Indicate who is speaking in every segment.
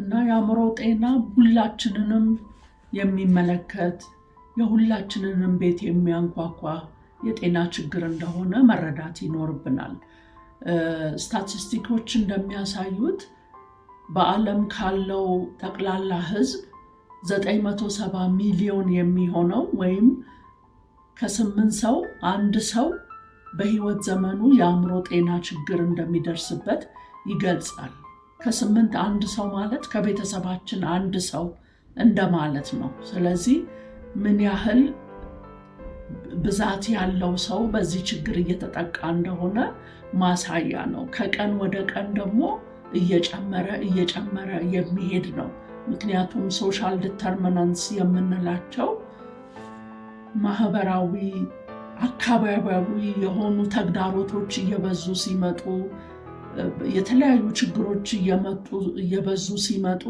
Speaker 1: እና የአእምሮ ጤና ሁላችንንም የሚመለከት የሁላችንንም ቤት የሚያንኳኳ የጤና ችግር እንደሆነ መረዳት ይኖርብናል። ስታቲስቲኮች እንደሚያሳዩት በዓለም ካለው ጠቅላላ ሕዝብ 970 ሚሊዮን የሚሆነው ወይም ከስምንት ሰው አንድ ሰው በህይወት ዘመኑ የአእምሮ ጤና ችግር እንደሚደርስበት ይገልጻል። ከስምንት አንድ ሰው ማለት ከቤተሰባችን አንድ ሰው እንደማለት ነው። ስለዚህ ምን ያህል ብዛት ያለው ሰው በዚህ ችግር እየተጠቃ እንደሆነ ማሳያ ነው። ከቀን ወደ ቀን ደግሞ እየጨመረ እየጨመረ የሚሄድ ነው። ምክንያቱም ሶሻል ዲተርሚናንስ የምንላቸው ማህበራዊ፣ አካባቢያዊ የሆኑ ተግዳሮቶች እየበዙ ሲመጡ የተለያዩ ችግሮች እየበዙ ሲመጡ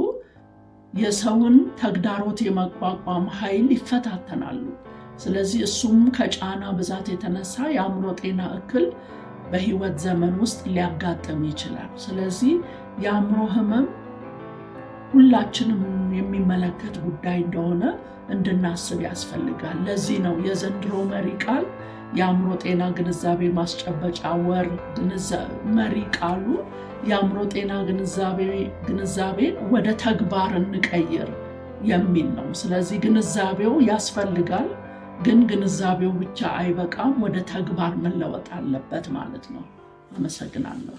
Speaker 1: የሰውን ተግዳሮት የመቋቋም ኃይል ይፈታተናሉ። ስለዚህ እሱም ከጫና ብዛት የተነሳ የአእምሮ ጤና እክል በህይወት ዘመን ውስጥ ሊያጋጥም ይችላል። ስለዚህ የአእምሮ ህመም ሁላችንም የሚመለከት ጉዳይ እንደሆነ እንድናስብ ያስፈልጋል። ለዚህ ነው የዘንድሮ መሪ ቃል የአእምሮ ጤና ግንዛቤ ማስጨበጫ ወር መሪ ቃሉ የአእምሮ ጤና ግንዛቤን ወደ ተግባር እንቀይር የሚል ነው። ስለዚህ ግንዛቤው ያስፈልጋል፣ ግን ግንዛቤው ብቻ አይበቃም። ወደ ተግባር መለወጥ አለበት ማለት ነው። አመሰግናለሁ።